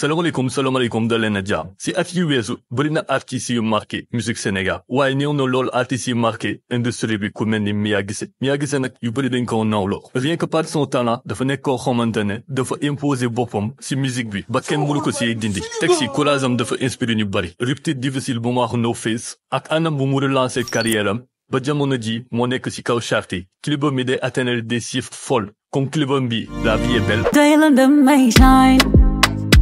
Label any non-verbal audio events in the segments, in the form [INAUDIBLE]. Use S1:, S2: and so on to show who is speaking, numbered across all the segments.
S1: Salam alaikum, salam alaikum de l'Enadia. Si afki wezu, brina afki si marqué, musique Sénégal. Wa ni on lol afki si marqué, industrie bi ku melni Miyagise. Miyagise nak yu bari dañ ko nawlo. Rien que par son talent, de nek ko de dafa imposer bopom, si musique bi. Ba ken mulu ko si dindi. Tek si courage am dafa inspirer ñu bari. Rupture difficile bu wax no face ak anam bu mu relancer carrière Ba jamono ji mo nek si kaw charti. Clibom mi day atteindre des chiffres folles. Comme Clibom la vie est belle.
S2: Day and may shine.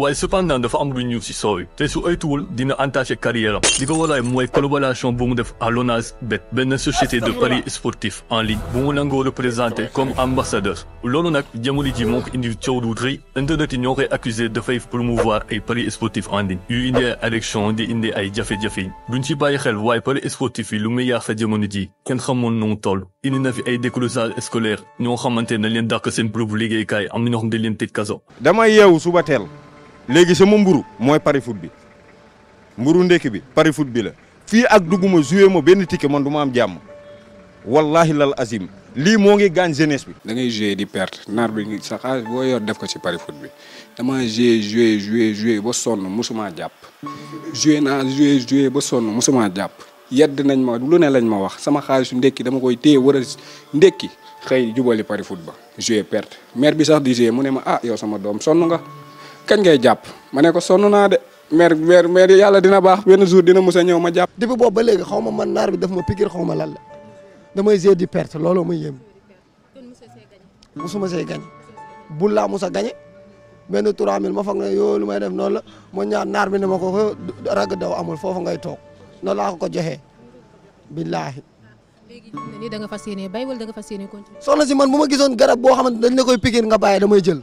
S1: While cependant de Farnbinius sorry, Tesu Eitul din antace carieră. Dicovola e mai colaborare un bun de alonaz bet bene société de paris sportif en ligne. bu Bun lango représente comme ambassadeur. L'ononac diamoli di monk individual d'outri, internet ignoré accusé de faire promouvoir et pari sportif en ligne. Eu inde élection di indi ay jafé jafé. ci baye xel way pari sportif lu meilleur sa diamoni di. Ken xamone non tol. Indi na fi ay décolosage scolaire. Ño na leen dak sen prove liggéey kay am ñoo xam de leen tej kaso. Dama yew suba tel léegi sama mburu moy pari foot bi mburu ndekki bi pari foot bi la
S2: Fi ak duguma jouer mo ben ticket man du am jàmm wallahi lal azim Li mo ngi gagne jeunesse bi. da ngay jouer di perte Nar bi sa xaalis bo yor def ko ci pari foot bi dama joué jouer jouer jouer bo sonn musuma japp. Jouer na jouer jouer bo sonn musuma japp. yedd nañ ma lu ne lañ ma wax sama xaalisu ndekki dama koy téye wara a ndekki xëy jubali pari foot ba Jouer perte maire bi sax di joué mu ne ma ah yow sama dom sonn nga. kañ ngay jàpp ma ne ko sonn naa de maire maire maire yàlla dina baax benn jour dina mos a ñëw ma jàpp. depuis boobu ba léegi xaw ma man naar bi daf ma pikir xaw ma lan la damay gérer di perte looloo muy yéem mosuma see gañ bu laa mos a gañe benn 3000 ma foog ne yoo lu may def noonu la ma ñaar naar bi ne ma ko rag daw amul foofu ngay toog noonu laa ko ko joxee billaahi. léegi da nga fas garab boo xamante dañ la koy pikir nga bàyyi damay jël.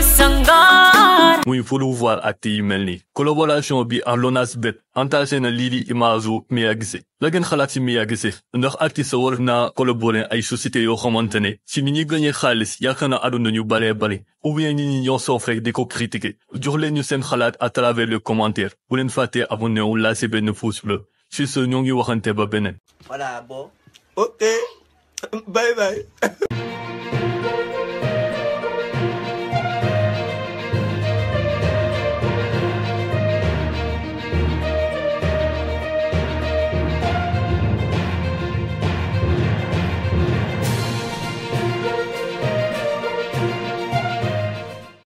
S1: mi voir acte yimelni collaboration bi en lonas bet antasena lili image miyagise la ngeen xalaat ci miyagise ndax artiste war naa collaborer ay société yoo xamante ne si ni ñuy gagné xaalis yaakaar na aduna ñu baree bari ou bien ñi ñi ñoo soof rek di ko critiquer jox leen ñu seen xalaat à travers le commentaire bu leen fàttee abonné wu laasi benn pouce bleu si ce ñoo ngi waxante ba beneen
S2: voilà bon ok bye bye [LAUGHS]